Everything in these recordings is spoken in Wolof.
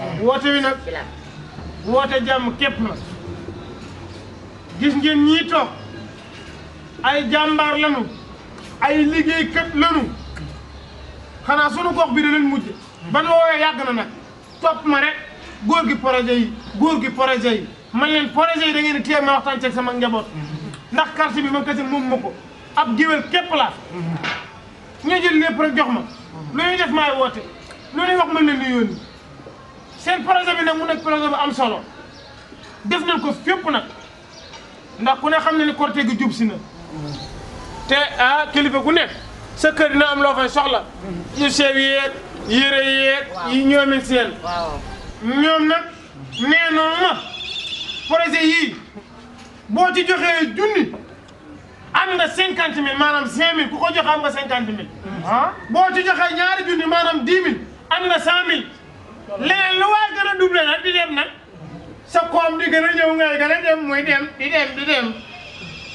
Eh, woote wi nag woote jàmm kepp la gis ngeen ñii toog ay jàmbaar lanu ay liggéey liggéeykat lanu xanaa sunu gox bi da leen mujj ban woowee yàgg na nag topp ma rek góor gi projet yi góor gi projet yi man leen projet yi da ngeen ma waxtaan ceeg sama njaboot ndax quartier bi ma kese moom ma ko ab géwél képp laa ñu jël lépp rek jox ma lu ñuy def maay woote lu ñuy wax mën na ni yónni seen projet bi na mu nekk projet bu am solo def nañ ko fépp nag ndax ku ne xam ne ni korte gi jub na te ah kilifa gu nekk sa kër dina am loo fay soxla yu sew yeeg yére yeeg yi ñoomi seen ñoom nag nee noonu ma projet yii boo ci joxee junni am nga cinquante mille maanaam cinq mille ku ko joxe am nga cinquante mille mm-hmm. boo ci joxee ñaari junni maanaam dix mille am nga cent leneen lu waay gën a doublé nag di dem na sa koom di gën a ñëw ngay gën a dem muy dem di dem di dem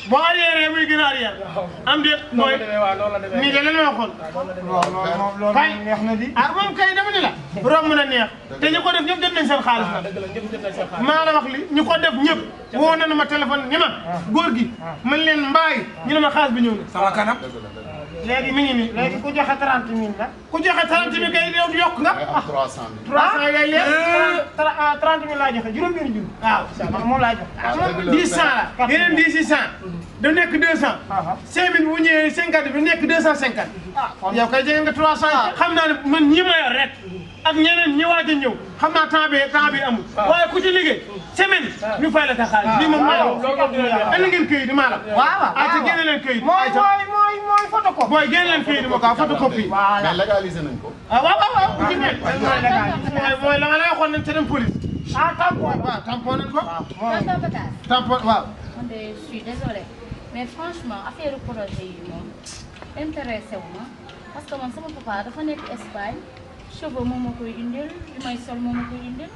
boo arrière muy gën a arrière. am déet mooy nii de leneen waxoon. waaw loolu neex na di. ah moom kay dama ni la. romb na neex te ñu ko def ñëpp jot nañ seen xaalis nag. Ah, maa la wax li ñu ko def ñëpp. woo nañu ma téléphone ni ma. Ah. góor gi ah. man leen mbaay ñu ne ma xaalis bi ñëw sama kanam. léegi mi ngi nii léegi ku joxe trente mille la. ku joxe trente mille kay yow yokk nga. ah trois cent mille. trois cent ngay léegi eh. ah, trente mille laa joxe juróom benn junni. waaw incha allah joxe. Ah, dix cent la yeneen dix six cent. Mm-hmm. da nekk deux cent. Ah, cinq mille bu ñëwee cinquante bi nekk deux cent cinquante. ah yow kay jege nga trois cent. xam naa ne man ñi ma yor rek. ak ñeneen ñi waaj a ñëw xam naa temps bi temps bi amul. Ah. waaye ku ci liggéey semaine ñu fay la sa xaalis. Ah. lii moom maa la indi ngeen këyit maa la. waaw waaw ayca génne leen këyit. mooy mooy mooy mooy photocopie. booy génne leen këyit ma kaa ah, photocopie. voilà mais légalisé nañ ko. ah waaw waaw waaw bu ci nekk. mooy mooy la nga lay waxoon nañ ca dem police. ah tampon waaw tampon nañ ko. tampon waaw. man de je suis désolée mais franchement affaire projet yi moom intéressé wu ma parce que man sama papa dafa nekk Espagne. cheveux moom ma koy indil li may sol moom ma koy indil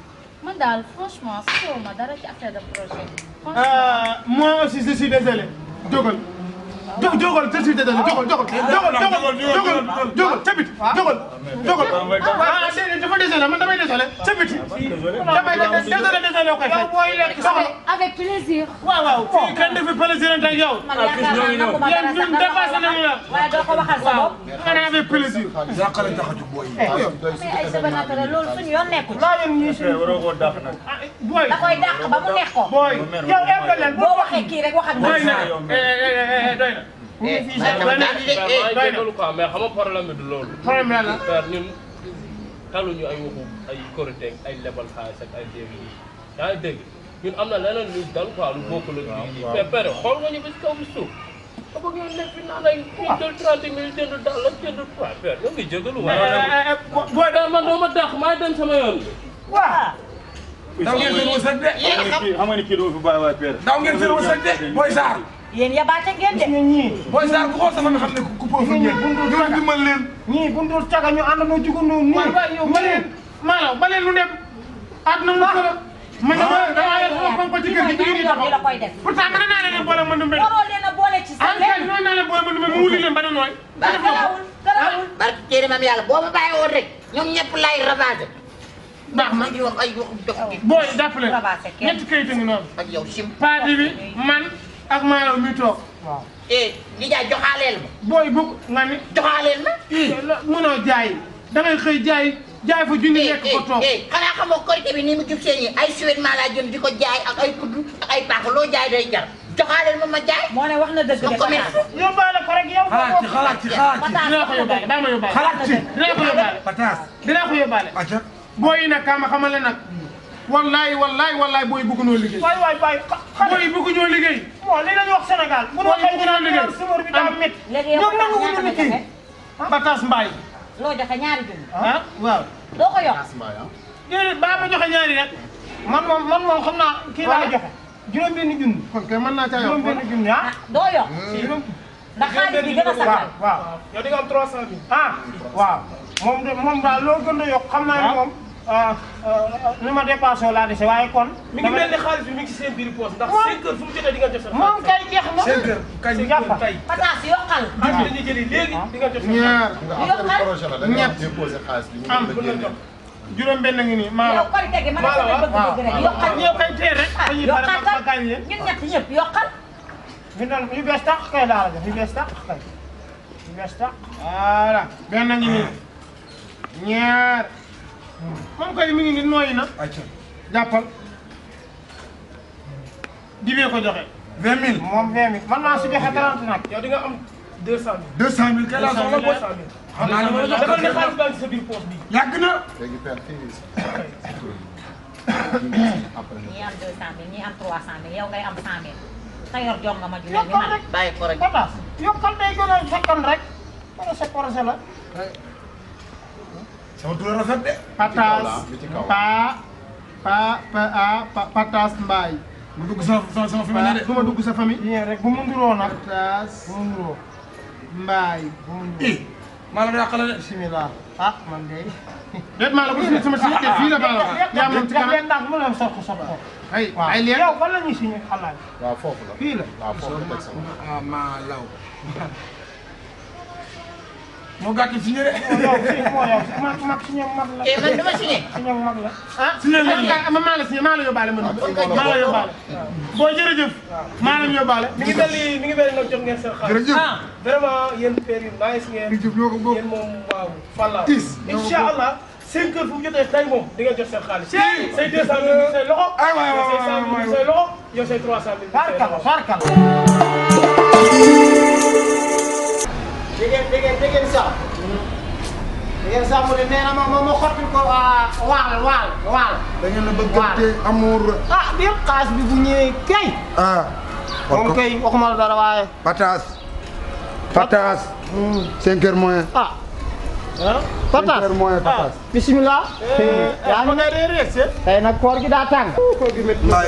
man daal franchement soxla ma dara ci affaire de projet. Euh, moi aussi je suis désolé jógal. jógal tout de suite jógal jógal jógal jógal ca biti jógal jógal ah déedéet dafa désolé man damay désolé ca biti damay désolé désolé koy fay avec plaisir waaw waaw fii kan defi plaisir ak yow yéen ñun dépassé nañu la waaye doo ko waxal sa bopp xanaa avec plaisir yakala taxaju boy ay sa banaka loolu suñu yoon nekkul la yeen ñi suñu waroo ko dàq nag boy da koy dàq ba mu neex ko boy yow egal leen boo waxee kii rek waxal mu eh, ngi fii sax eh, eh, doy na mais xam nga problème bi du loolu. problème la la père ñun taluñu ay waxu ay korite ay lebal xaalis ak ay jéem yi yaa ngi dégg ñun am na leneen lu dal quoi lu bokk la. waaw waaw mais père xool nga ñu ba si kaw bi suuf. xam nga ñun nekk fi naan ay. waaw ñu jël 30 mille jënd daal la jënd quoi père yow ngi jégalu. waaw boo boo dee man doo ma dàq maa dem sama yoon. waaw. daw ngeen seen wërsëg de. xam nga ni kii doo fi bàyyi waay père. daw ngeen seen wërsëg de booy saar. yéen yabaate ngeen de. ñii mooy Sarr ku xool sama nga xam ne ku poofu ngeen. ñii dimbal leen. ñii bu dul caga ñu àndandoo jugandoo. nii nii maanaam ba leen lu nekk. at na mu solo. ma ne ma damaa yor sama pompe ci kër gi ñu ngi taxaw. pourtant mën naa leen a boole leen a boole ah, ba ne nooy. ba garawul garawul. Ah, barke jéere maam boo ma bàyyi woon rek ñoom ñëpp laay ravagé. baax na di wax ay wax dox. booy jàppale ñetti kayit a ngi bi man ak maa yow mi toog. waaw eh li jaay joxaaleel ma. booy bu nga ni. joxaaleel ma. ii eh, jaay da ngay xëy jaay jaay fa junni lekk ko toog. Eh, eh, xanaa xamoo korite bi ni mu jub seen yi ay suwetmaa laa jënd di ko jaay ak ay kuddu ak ay paaka loo jaay day jar. joxaaleel ma ma jaay. moo ne wax na dëgg de xalaat yóbbaale ko rek yow. xalaat ci xalaat ci dinaa ko yóbbaale daa ma yóbbaale. xalaat ci dinaa ko yóbbaale. pataas dinaa ko yóbbaale. booy yi nag kaama xamal la nag. wallaay wallaay wallaay booy bëgguñoo liggéey. waay waay waay xale booy bëgguñoo liggéey. bon li lañ wax Sénégal. mënoo xëy na liggéey sumar bi daa métti. léegi yow Batas Mbaye. loo joxe ñaari junni. ah waaw. doo ko ah. ma joxe man moom xam naa. kii laa joxe juróom benn junni. kon mën naa caa yor juróom benn junni ah. ah doo yor. Hmm. ndax gën a sax. waaw waaw yow ah, waaw moom de moom daal loo gën a yokk xam naa ne moom li ma dépassé laa dese waaye kon. mi ngi mel ni xaalis bi mi ngi si seen biir poche ndax. seen kër fu mu di nga jot sa. moom kay jeex na seen kër kañ bi kër tey. pataas yokkal. xaalis di nga jot sa. ñaar yokkal ñett am bu la jox. juróom benn nii yokkal tege ma la bëgg bëgg rek yokkal ñëw kay tee yokkal kan ñun ñu doon yu bees tax kay laa la def yu bees tax kay yu bees tax voilà benn ngi nii ñaar moom kay mi ngi nii nooyi na. jàppal. dibee ko joxe. vingt mille moom vingt mille man maa su joxe trente nag. yow di nga am deux cent mille. deux cent mille kay laa soxla ko. xam naa ne ma jox defal ne xaalis daal ci sa biir poche bi. yàgg na. léegi père ñii am deux cent mille ñii am trois cent mille yow ngay am cent mille. sa yor jox nga ma julee. yokkal rek bàyyi ko rek. yokkal day gën a yokkal rek. wala sa projet la. Eh, sama tur rafet de. Pataas Pa Pa Pa Mbaay. mu dugg sa sama sama dugg sa famille. yéen bu mu nduroo nag. Pataas bu mu nduroo. Mbaay bu mu nduroo. ii maa la yàqale de. bisimilah ah maa la mu ne sox sox ko. la ñuy la fii la. moo gàtt signé de. non non mag signé mag la. eh man dama signé. signé mag la. ah signé la ah, ah, maa la signé maa la yóbbaale man. maa la yóbbaale. boo jërëjëf. Ah. maa la yóbbaale. mi ngi mel ni mi ngi mel ni nag jox ngeen seen xar. jërëjëf ah vraiment yéen père yu nice ngeen. jërëjëf ñoo ko bokk yéen moom waaw. Falla incha allah. cinq heures fu mu jotee tey moom di nga jot seen xaalis. say deux cent mille say loxo. ay waay waay waay waay say loxo yow say trois cent mille. ko ah, bi yëpp xaas bi bu ñëwee kay. ah. moom kay waxuma la dara waaye. pataas. pataas. 5 hmm. heures patas ah. bismillah yaa ngi ne tey nag koor gi daa mbaay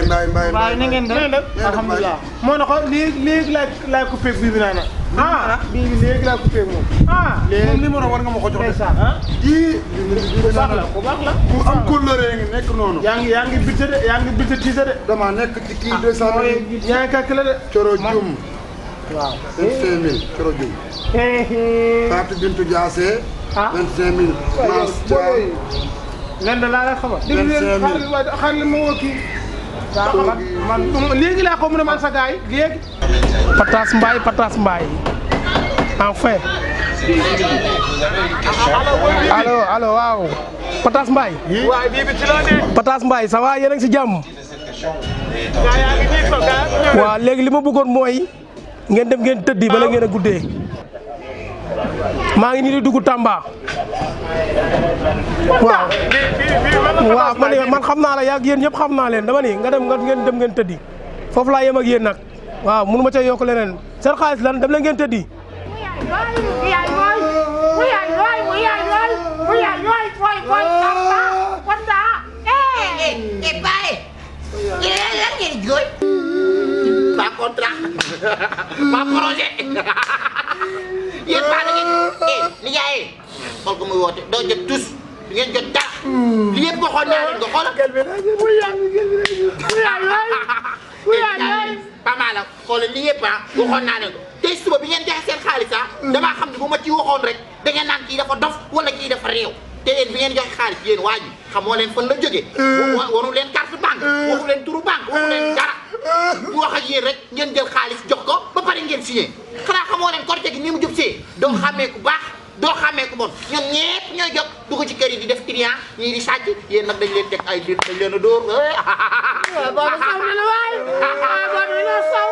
mbaay mbaay mbaay na ngeen def moo na ko léegi léegi laa laa ko feeg bii bi naa na ah bii bi léegi laa ko feeg moom ah ma ko jox ii ku baax la ku baax la ku am couleur yaa ngi nekk noonu yaa ngi bite de yaa bite tiise de dama nekk ci kii deux cent mille de coro jum waaw cinq mille coro jum ah 25000. waaw léegi laa ko mën a man sa gars yi léegi. Patas Mbaye Patas enfin. allo allo waaw. Patas Mbaye. waaw bii bi ci la ne. si jàmm. waaw léegi li ma bëggoon mooy. ngeen dem ngeen tëddi bala ngeen a guddee. maa ngi nii di dugg Tamba. waaw man man xam naa la yaa yéen ñëpp xam naa leen dama ni nga dem nga ngeen dem ngeen tëddi foofu laa yem ak yéen nag waaw mënu ma ca yokk leneen seen xaalis lan dem leen ngeen tëddi. Pas contrat, pas projet. xool ko muy woote doo jot tus du ngeen jot dara. Hmm. li yëpp waxoon naa leen ko xoolal. pamaala xoolal li yëpp ah waxoon naa leen ko tey suba bi ngeen joxe seen xaalis ah damaa xam ne bu ma ci waxoon rek da ngeen naan kii dafa dof wala kii dafa réew te yéen bi ngeen joxe xaalis yéen waa ji xamoo leen fan la jógee hmm. waru leen carte banque waxu leen turu banque waxu leen dara bu wax ak yéen rek ngeen jël xaalis jox ko ba pare ngeen signé xanaa xamoo leen korte gi ni mu jub see doo xàmmee ku baax doo xàmmee ku bon ñoom ñepp ñooy jóg dugg ci kër yi di def client ñii di sàcc yéen nag dañ leen teg ay biir dañ leen a dóor. waaw boobu saw na la waay waaw boobu dina saw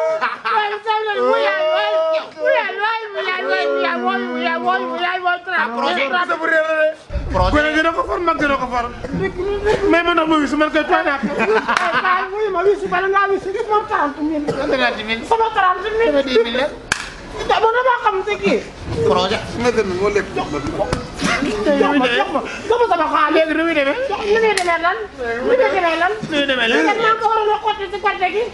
waaye saw na mu yaay waay mu yaay waay mu yaay waay mu yaay waay mu yaay waay mu yaay waay. ah projet bi bu réer la de. projet dina ko for mag dina ko for. mais man nag ma wis man kay tooy naa ko. waaw waaw ma wis bala ngaa wis moom 30 000. 30 000 sama 30 000. 70 000 la. dama xam si kii. projet. nga gën moo lekk jox ma jox ma jox ma sama xaalis léegi nu muy demee. nu muy demee lan. nu muy demee lan. nu muy demee lan léegi maa ngi ko waroon a xotti ci gerte gi.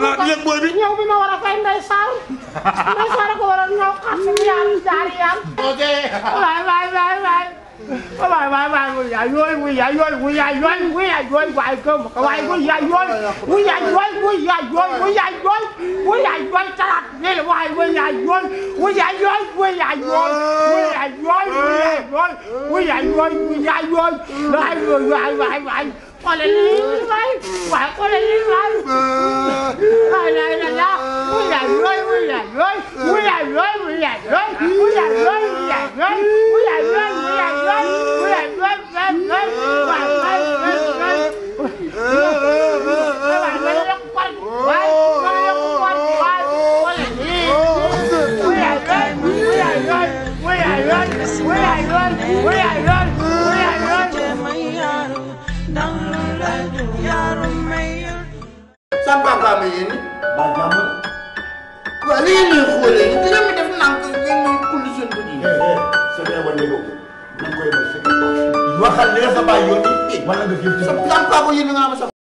léegi ah, booy bi ñëw bi ma war a fay Ndeye Sarr. Ndeye Sarr ko waroon ñëw xam si ñaar jaari yaam. projet. waay waay waay waay. waay waay waay wuy yaay yooy wuy yaay yooy wuy yaay yooy wuy yaay yooy waay gëm ko waay wuy yaay yooy wuy yaay yooy wuy yaay yooy wuy yaay yooy wuy yaay yooy talaat nii la waay wuy yaay yooy wuy yaay yooy wuy yaay yooy wuy yaay yooy wuy yaay yooy wuy yaay yooy wuy yaay yooy waay wuy waay waay waay xoolal lii waay waay xoolal lii waay waay laay la la wuy yaay yooy wuy yaay yooy wuy yaay yooy wuy yaay yooy wuy yaay yooy wuy yaay yooy sama papa ma yéen ba jàmm waaw li ngeen ñuy xoolee ñu gën a def nànk ngeen ñuy kulli seen bët yi. E sa dee wane yow da nga koy waxal li nga sa bàyyi yoon wala nga jël sa papa yéen nga am sa